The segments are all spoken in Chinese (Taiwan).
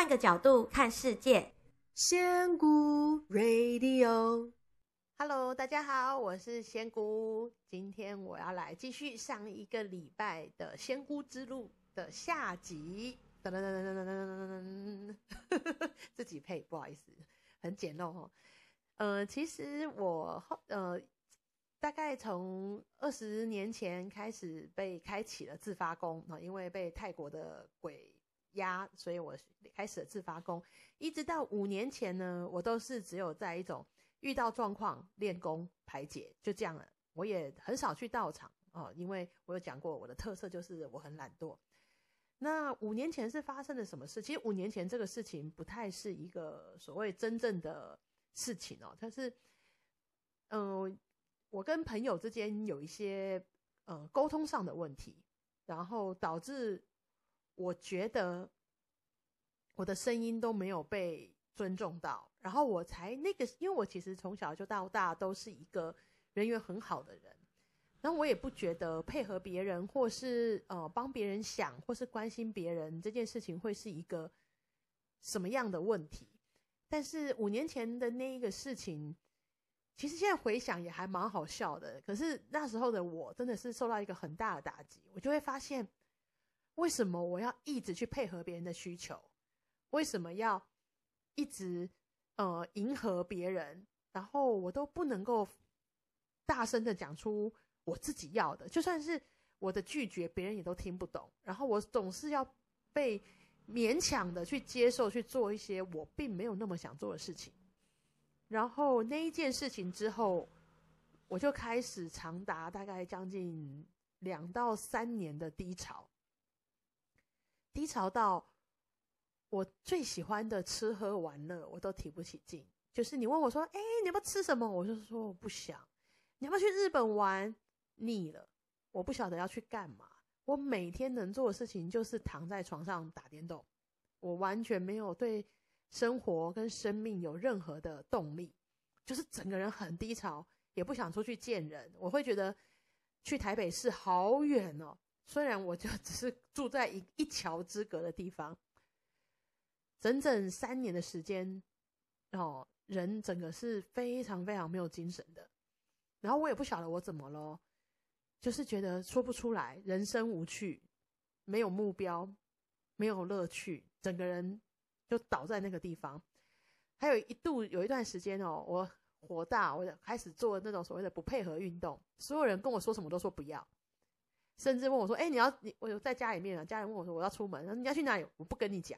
換個角度看世界，仙姑 Radio，Hello，大家好，我是仙姑，今天我要來繼續上一個禮拜的仙姑之路的下集。 自己配，不好意思，很簡陋哈。呃，其實我呃大概從二十年前開始被開啟了自發功，因為被泰國的鬼壓，所以我開始自發功，一直到五年前呢，我都是只有在一種遇到狀況練功排解，就這樣了。我也很少去道場哦，因為我有講過我的特色就是我很懶惰。那五年前是發生了什麼事？其實五年前這個事情不太是一個所謂真正的事情哦，但是，嗯、呃，我跟朋友之間有一些、呃、溝通上的問題，然後導致。我覺得我的聲音都沒有被尊重到，然後我才那個，因為我其實從小就到大都是一個人緣很好的人，然後我也不覺得配合別人或是呃幫別人想或是關心別人這件事情會是一個什麼樣的問題。但是五年前的那一個事情，其實現在回想也還蠻好笑的，可是那時候的我真的是受到一個很大的打擊，我就會發現。為什麼我要一直去配合別人的需求？為什麼要一直呃迎合別人？然後我都不能夠大聲的講出我自己要的，就算是我的拒絕，別人也都聽不懂。然後我總是要被勉強的去接受，去做一些我並沒有那麼想做的事情。然後那一件事情之後，我就開始長達大概將近兩到三年的低潮。低潮到我最喜歡的吃喝玩樂我都提不起勁。就是你問我說：“誒，你要不要吃什麼？”我就說我不想。你要不要去日本玩？膩了，我不曉得要去幹嘛。我每天能做的事情就是躺在床上打電動。我完全沒有對生活跟生命有任何的動力，就是整個人很低潮，也不想出去見人。我會覺得去台北市好遠哦。雖然我就只是住在一一橋之隔的地方，整整三年的時間，哦，人整個是非常非常沒有精神的。然後我也不曉得我怎麼了，就是覺得說不出來，人生無趣，沒有目標，沒有樂趣，整個人就倒在那個地方。還有一度有一段時間哦，我火大，我就開始做那種所謂的不配合運動，所有人跟我說什麼都說不要。甚至問我說：“哎、欸，你要我我在家裡面啊，家人問我說我要出門，你要去哪裡？我不跟你講。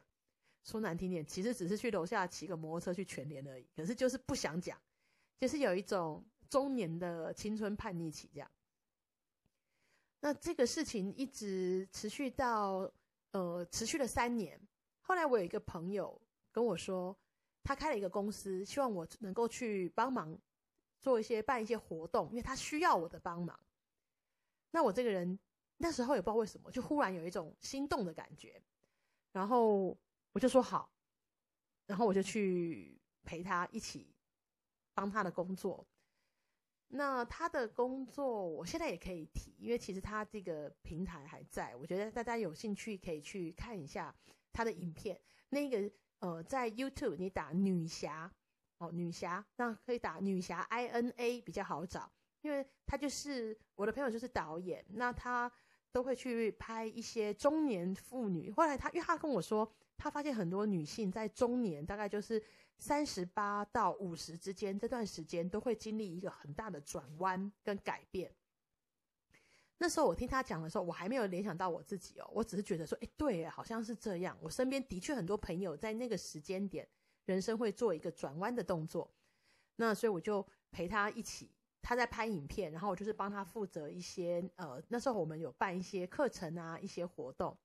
說難聽點，其實只是去樓下騎個摩托車去全聯而已。可是就是不想講，就是有一種中年的青春叛逆期這樣。那這個事情一直持續到呃持續了三年。後來我有一個朋友跟我說，他開了一個公司，希望我能夠去幫忙做一些辦一些活動，因為他需要我的幫忙。那我這個人。那時候也不知道為什麼，就忽然有一種心動的感覺，然後我就說好，然後我就去陪他一起幫他的工作。那他的工作我現在也可以提，因為其實他這個平台還在，我覺得大家有興趣可以去看一下他的影片。那個呃，在 YouTube 你打“女俠”哦，“女俠”那可以打“女俠 INA” 比較好找，因為他就是我的朋友，就是導演。那他。都會去拍一些中年婦女。後來她，因為她跟我說，她發現很多女性在中年，大概就是三十八到五十之間這段時間，都會經歷一個很大的轉彎跟改變。那時候我聽他講的時候，我還沒有聯想到我自己哦，我只是覺得說，哎，對，好像是這樣。我身邊的確很多朋友在那個時間點，人生會做一個轉彎的動作。那所以我就陪他一起。他在拍影片，然後我就是幫他負責一些，呃，那時候我們有辦一些課程啊，一些活動。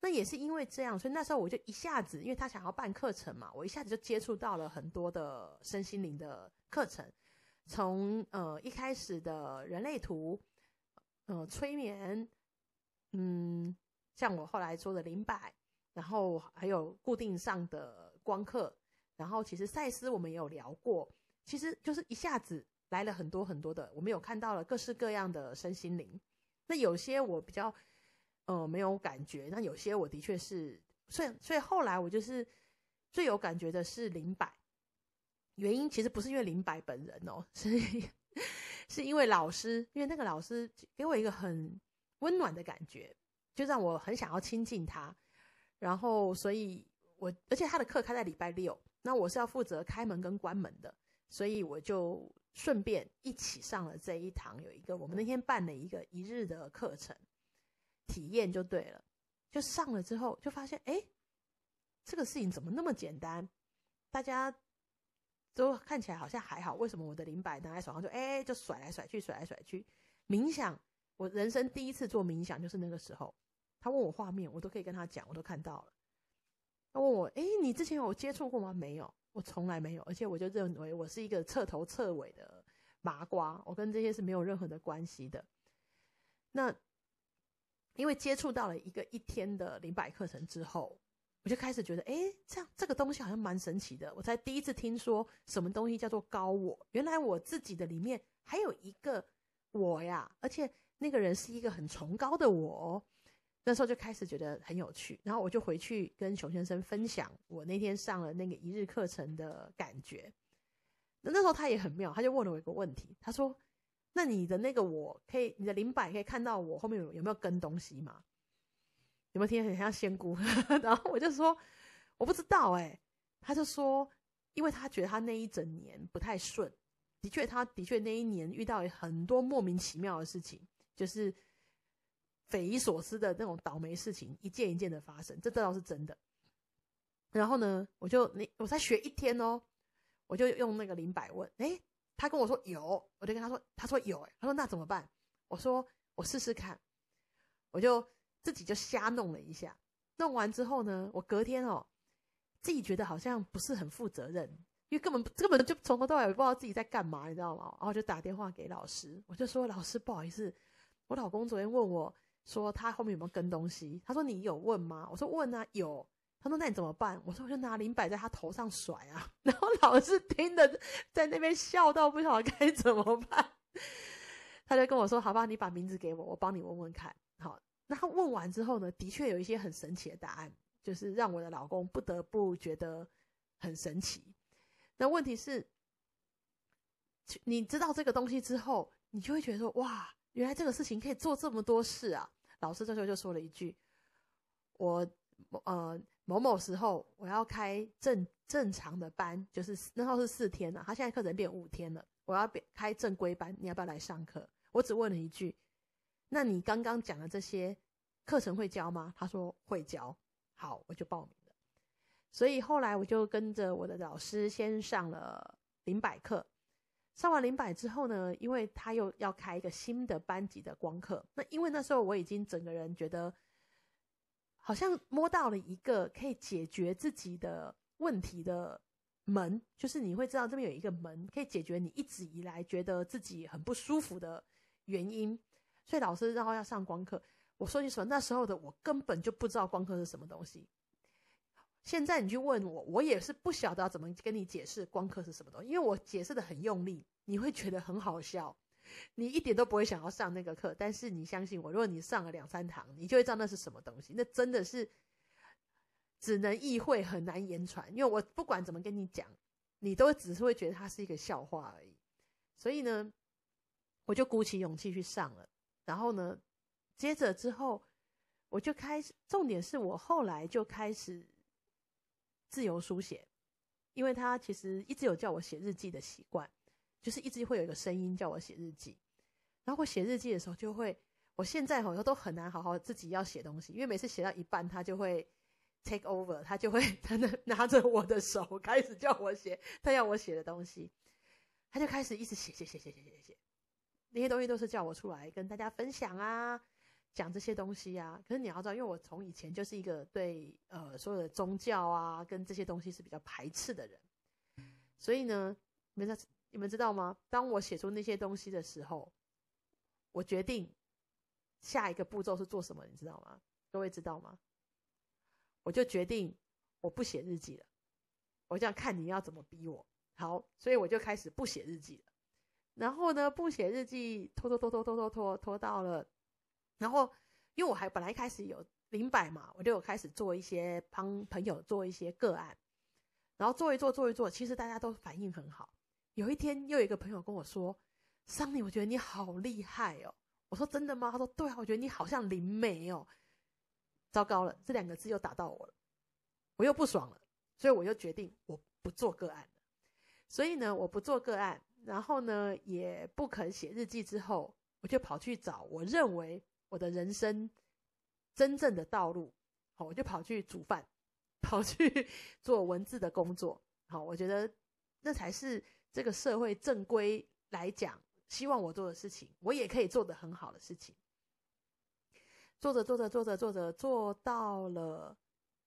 那也是因為這樣，所以那時候我就一下子，因為他想要辦課程嘛，我一下子就接觸到了很多的身心靈的課程，從呃一開始的人類圖，呃，催眠，嗯，像我後來說的靈擺，然後還有固定上的光課，然後其實賽斯我們也有聊過，其實就是一下子。來了很多很多的，我們有看到了各式各樣的身心靈。那有些我比較呃沒有感覺，那有些我的確是，所以所以後來我就是最有感覺的是林柏，原因其實不是因為林柏本人哦，是是因為老師，因為那個老師給我一個很溫暖的感覺，就讓我很想要親近他。然後所以我，而且他的課開在禮拜六，那我是要負責開門跟關門的，所以我就。順便一起上了這一堂。有一個我們那天辦了一個一日的課程體驗，就對了，就上了之後就發現，哎、欸，這個事情怎麼那麼簡單？大家都看起來好像還好，為什麼我的靈擺拿在手上就哎、欸、就甩來甩去甩來甩去？冥想，我人生第一次做冥想就是那個時候，他問我畫面，我都可以跟他講，我都看到了。他問我：“哎，你之前有接觸過嗎？”“沒有，我從來沒有。”而且我就認為我是一個徹頭徹尾的麻瓜，我跟這些是沒有任何的關係的。那因為接觸到了一個一天的靈擺課程之後，我就開始覺得：“哎，這樣這個東西好像蠻神奇的。”我才第一次聽說什麼東西叫做高我，原來我自己的裡面還有一個我呀，而且那個人是一個很崇高的我。那時候就開始覺得很有趣，然後我就回去跟熊先生分享我那天上了那個一日課程的感覺。那時候他也很妙，他就問了我一個問題，他說：“那你的那個我可以，你的靈擺可以看到我後面有有沒有跟東西嗎？有沒有聽得很像仙姑？” 然後我就說：“我不知道。”哎，他就說：“因為他覺得他那一整年不太順，的確，他的確那一年遇到很多莫名其妙的事情，就是。”匪夷所思的那種倒霉事情一件一件的發生，這這倒是真的。然後呢，我就你我才學一天哦，我就用那個靈擺問，誒，他跟我說有，我就跟他說，他說有，他說那怎麼辦？我說我試試看，我就自己就瞎弄了一下。弄完之後呢，我隔天哦，自己覺得好像不是很負責任，因為根本根本就從頭到尾不知道自己在幹嘛，你知道嗎？然後就打電話給老師，我就說，老師不好意思，我老公昨天問我。說他後面有沒有跟東西？他說你有問嗎？我說，問啊，有。他說那你怎麼辦？我說我就拿靈擺在他頭上甩啊，然後老是聽的在那邊笑到不曉得該怎麼辦。他就跟我說：“好吧，你把名字給我，我幫你問問看。”好，那他問完之後呢，的確有一些很神奇的答案，就是讓我的老公不得不覺得很神奇。那問題是，你知道這個東西之後，你就會覺得說：“哇。”原來這個事情可以做這麼多事啊！老師這時候就說了一句：“我，呃，某某時候我要開正正常的班，就是那時候是四天了，他現在課程變五天了，我要開正規班，你要不要來上課？”我只問了一句：“那你剛剛講的這些課程會教嗎？”他說：“會教。”好，我就報名了。所以後來我就跟着我的老師先上了靈擺課。上完靈擺之後呢，因為他又要開一個新的班級的光課，那因為那時候我已經整個人覺得，好像摸到了一個可以解決自己的問題的門，就是你會知道這邊有一個門可以解決你一直以來覺得自己很不舒服的原因，所以老師然後要上光課，我說句實話，那時候的我根本就不知道光課是什麼東西。現在你去問我，我也是不曉得要怎麼跟你解釋光課是什麼東西，因為我解釋得很用力，你會覺得很好笑，你一點都不會想要上那個課。但是你相信我，如果你上了兩三堂，你就會知道那是什麼東西。那真的是只能意會，很難言傳，因為我不管怎麼跟你講，你都只是會覺得它是一個笑話而已。所以呢，我就鼓起勇氣去上了。然後呢，接着之後，我就開始，重點是我後來就開始。自由書寫，因為他其實一直有叫我寫日記的習慣，就是一直會有一個聲音叫我寫日記。然後我寫日記的時候，就會，我現在好像都很難好好自己要寫東西，因為每次寫到一半，他就會 take over，他就會他拿着我的手開始叫我寫他要我寫的東西，他就開始一直寫寫寫寫寫寫寫，那些東西都是叫我出來跟大家分享啊。講這些東西啊，可是你要知道，因為我從以前就是一個對呃所有的宗教啊跟這些東西是比較排斥的人，嗯、所以呢，你們你們知道嗎？當我寫出那些東西的時候，我決定下一個步驟是做什麼，你知道嗎？各位知道嗎？我就決定我不寫日記了，我就想看你要怎麼逼我，好，所以我就開始不寫日記了，然後呢，不寫日記拖拖拖拖拖拖拖拖到了。然後，因為我還本來一開始有靈擺嘛，我就有開始做一些幫朋友做一些個案，然後做一做做一做，其實大家都反應很好。有一天，又有一個朋友跟我說：“Sunny，我覺得你好厲害哦。”我說：“真的嗎？”他說：“對啊，我覺得你好像靈媒哦。”糟糕了，這兩個字又打到我了，我又不爽了，所以我又決定我不做個案。所以呢，我不做個案，然後呢，也不肯寫日記，之後我就跑去找我認為。我的人生真正的道路，好，我就跑去煮飯，跑去做文字的工作，好，我覺得那才是這個社會正規來講希望我做的事情，我也可以做的很好的事情。做着做着做着做着，做到了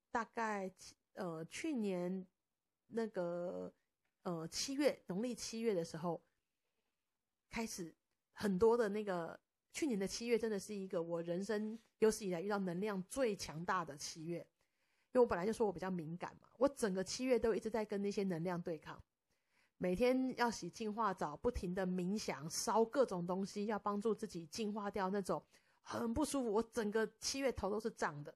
大概呃去年那個呃七月農曆七月的時候，開始很多的那個。去年的七月真的是一個我人生有史以來遇到能量最強大的七月，因為我本來就說我比較敏感嘛，我整個七月都一直在跟那些能量對抗，每天要洗淨化澡，不停的冥想，燒各種東西，要幫助自己淨化掉那種很不舒服。我整個七月頭都是脹的，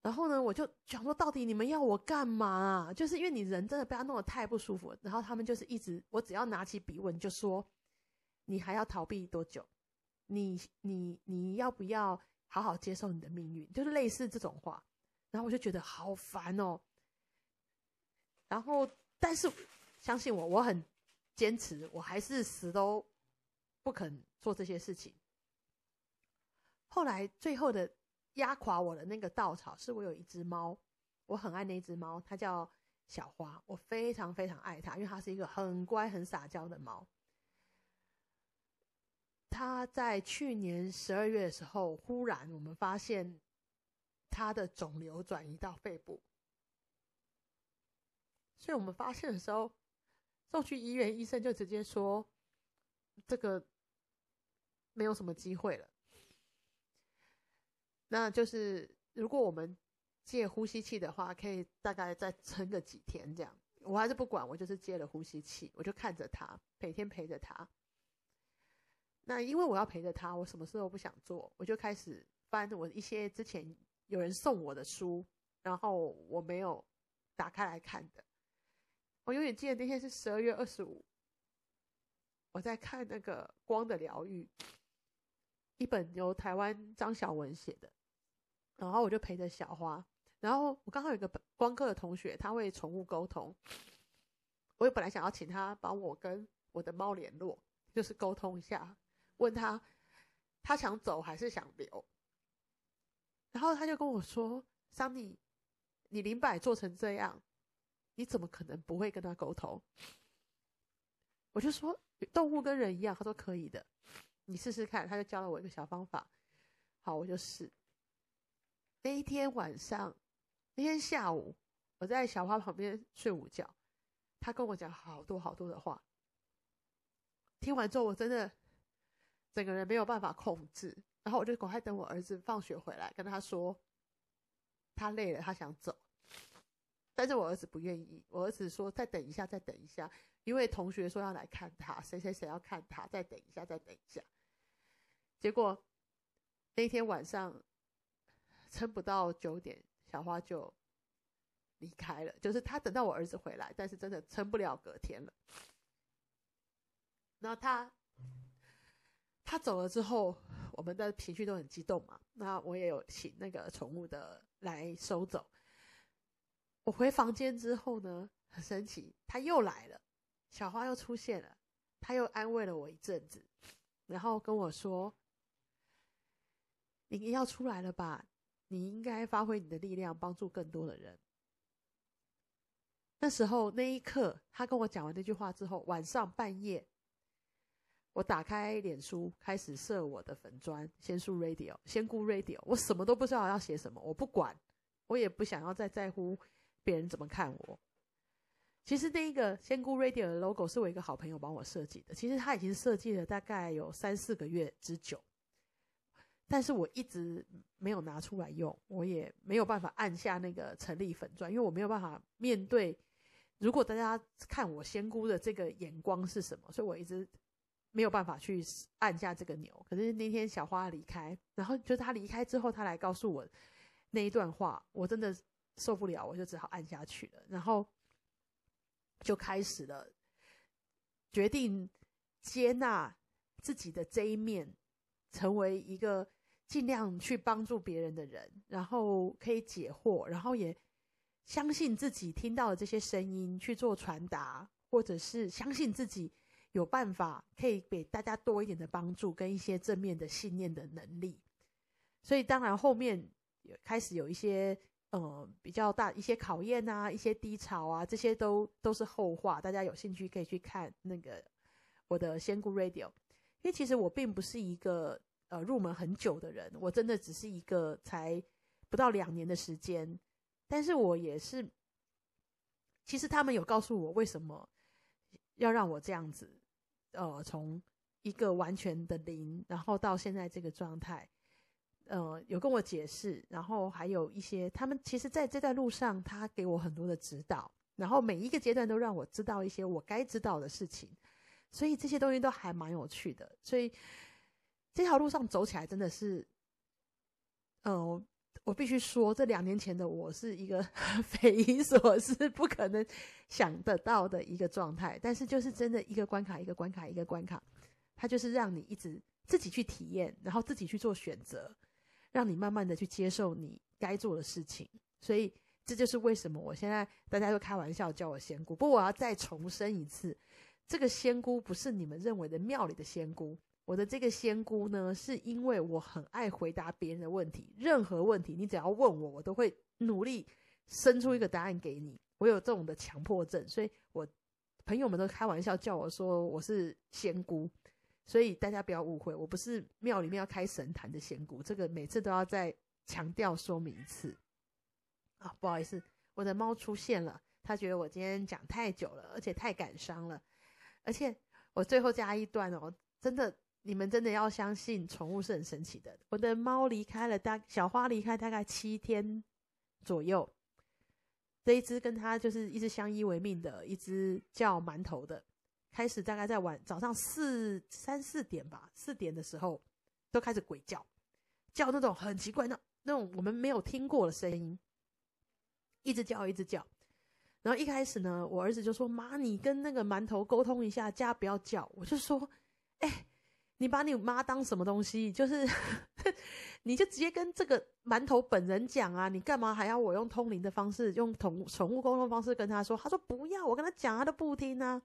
然後呢，我就想說，到底你們要我幹嘛？就是因為你人真的被他弄得太不舒服了，然後他們就是一直，我只要拿起筆問，就說你還要逃避多久？你你你要不要好好接受你的命運？就是類似這種話，然後我就覺得好煩哦。然後，但是相信我，我很堅持，我還是死都不肯做這些事情。後來，最後的壓垮我的那個稻草，是我有一隻貓，我很愛那隻貓，它叫小花，我非常非常愛它，因為它是一個很乖很撒嬌的貓。他在去年十二月的時候，忽然我們發現他的腫瘤轉移到肺部，所以我們發現的時候，送去醫院，醫生就直接說這個沒有什麼機會了。那就是如果我們接呼吸器的話，可以大概再撐個幾天這樣。我還是不管，我就是接了呼吸器，我就看着他，每天陪着他。那因為我要陪着他，我什麼事都不想做，我就開始翻我一些之前有人送我的書，然後我沒有打開來看的。我永遠記得那天是十二月二十五，我在看那個《光的療癒》，一本由台灣張小文寫的。然後我就陪着小花，然後我剛好有一個光科的同學，他會寵物溝通，我也本來想要請他幫我跟我的貓聯絡，就是溝通一下。問他，他想走還是想留？然後他就跟我說：“Sunny，你靈擺做成這樣，你怎麼可能不會跟他溝通？”我就說：“動物跟人一樣。”他說：“可以的，你試試看。”他就教了我一個小方法。好，我就試。那一天晚上，那天下午，我在小花旁邊睡午覺，他跟我講好多好多的話。聽完之後，我真的。整個人沒有辦法控制，然後我就趕快等我兒子放學回來，跟他說他累了，他想走。但是我兒子不願意，我兒子說再等一下，再等一下，因為同學說要來看他，誰誰誰要看他，再等一下，再等一下。結果那天晚上撐不到九點，小花就離開了。就是他等到我兒子回來，但是真的撐不了隔天了。然後他。他走了之後，我們的情緒都很激動嘛。那我也有請那個寵物的來收走。我回房間之後呢，很神奇，他又來了，小花又出現了。他又安慰了我一陣子，然後跟我說：“你要出來了吧？你應該發揮你的力量，幫助更多的人。”那時候那一刻，他跟我講完那句話之後，晚上半夜。我打開臉書，開始設我的粉磚仙姑 radio，仙姑 radio，仙姑 radio，我什麼都不知道要寫什麼，我不管，我也不想要再在乎別人怎麼看我。其實那一個仙姑 radio 的 logo 是我一個好朋友幫我設計的，其實他已經設計了大概有三四個月之久，但是我一直沒有拿出來用，我也沒有辦法按下那個成立粉磚，因為我沒有辦法面對，如果大家看我仙姑的這個眼光是什麼，所以我一直沒有辦法去按下這個鈕，可是那天小花離開，然後就是他離開之後，他來告訴我那一段話，我真的受不了，我就只好按下去了，然後就開始了決定接納自己的這一面，成為一個盡量去幫助別人的人，然後可以解惑，然後也相信自己聽到的這些聲音去做傳達，或者是相信自己。有辦法可以給大家多一點的幫助，跟一些正面的信念的能力。所以當然後面也開始有一些呃比較大一些考驗啊，一些低潮啊，這些都都是後話。大家有興趣可以去看那個我的仙姑 Radio，因為其實我並不是一個呃入門很久的人，我真的只是一個才不到兩年的時間。但是我也是，其實他們有告訴我為什麼要讓我這樣子。呃，從一個完全的零，然後到現在這個狀態，呃，有跟我解釋，然後還有一些，他們其實在這段路上，他給我很多的指導，然後每一個階段都讓我知道一些我該知道的事情，所以這些東西都還蠻有趣的，所以這條路上走起來真的是，嗯、呃。我必須說，這兩年前的我是一個匪夷所思、不可能想得到的一個狀態。但是，就是真的一個關卡，一個關卡一個關卡一個關卡，它就是讓你一直自己去體驗，然後自己去做選擇，讓你慢慢的去接受你該做的事情。所以，這就是為什麼我現在，大家都開玩笑叫我仙姑。不過我要再重申一次，這個仙姑不是你們認為的廟裡的仙姑。我的這個仙姑呢，是因為我很愛回答別人的問題，任何問題你只要問我，我都會努力生出一個答案給你。我有這種的強迫症，所以我朋友們都開玩笑叫我說我是仙姑，所以大家不要誤會，我不是廟裡面要開神壇的仙姑，這個每次都要再強調說明一次。啊、哦，不好意思，我的貓出現了，它覺得我今天講太久了，而且太感傷了，而且我最後加一段哦，真的。你們真的要相信寵物是很神奇的。我的貓離開了，大小花離開大概七天左右。這一只跟它就是一直相依為命的一只叫饅頭的，開始大概在晚早上四三四點吧，四點的時候都開始鬼叫，叫那種很奇怪那那種我們沒有聽過的聲音，一直叫一直叫。然後一開始呢，我兒子就說：“媽，你跟那個饅頭溝通一下，家不要叫。”我就說：“哎。”你把你媽當什麼東西？就是， 你就直接跟這個饅頭本人講啊！你幹嘛還要我用通靈的方式，用寵寵物溝通方式跟他說？他說不要，我跟他講，他都不聽呢、啊。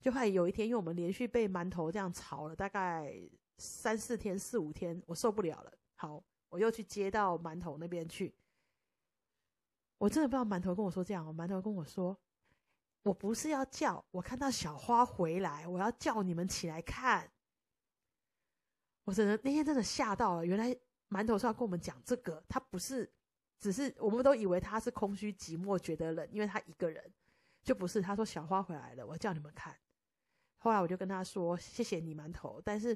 就怕有一天，因為我們連續被饅頭這樣吵了大概三四天，四五天，我受不了了。好，我又去接到饅頭那邊去。我真的不知道饅頭跟我說這樣。饅頭跟我說：“我不是要叫，我看到小花回來，我要叫你們起來看。”我真的那天真的嚇到了。原來饅頭是要跟我們講這個，他不是只是我們都以為他是空虛寂寞覺得冷，因為他一個人，就不是他說小花回來了，我叫你們看。後來我就跟他說：“謝謝你，饅頭。”但是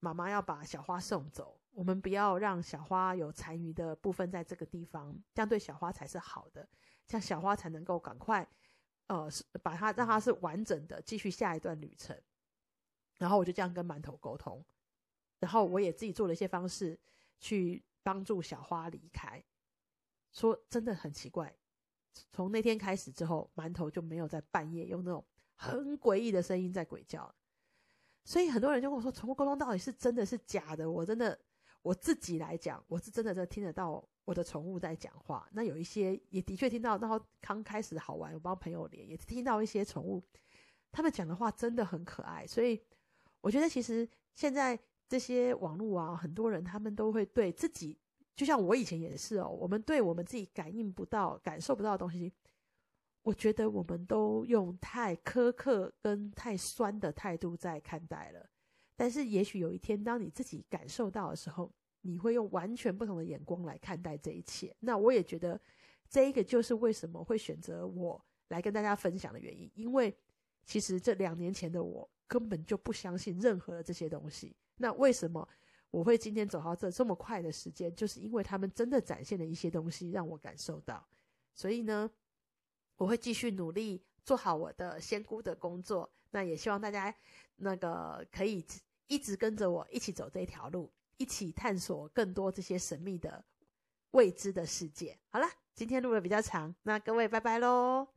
媽媽要把小花送走，我們不要讓小花有殘餘的部分在這個地方，這樣對小花才是好的，這樣小花才能夠趕快，呃，把它讓它是完整的，繼續下一段旅程。然後我就這樣跟饅頭溝通。然後我也自己做了一些方式去幫助小花離開。說真的很奇怪，從那天開始之後，饅頭就沒有在半夜用那種很詭異的聲音在鬼叫。所以很多人就跟我說，寵物溝通到底是真的是假的？我真的我自己來講，我是真的在聽得到我的寵物在講話。那有一些也的確聽到，然後剛開始好玩，我幫朋友連也聽到一些寵物他們講的話真的很可愛。所以我覺得其實現在。這些網絡啊，很多人他們都會對自己，就像我以前也是哦。我們對我們自己感應不到、感受不到的東西，我覺得我們都用太苛刻跟太酸的態度在看待了。但是，也許有一天，當你自己感受到的時候，你會用完全不同的眼光來看待這一切。那我也覺得，這一個就是為什麼會選擇我來跟大家分享的原因，因為其實這兩年前的我根本就不相信任何的這些東西。那為什麼我會今天走到這這麼快的時間？就是因為他們真的展現了一些東西，讓我感受到。所以呢，我會繼續努力做好我的仙姑的工作。那也希望大家那個可以一直跟着我一起走這條路，一起探索更多這些神秘的未知的世界。好啦，今天錄的比較長，那各位拜拜嘍。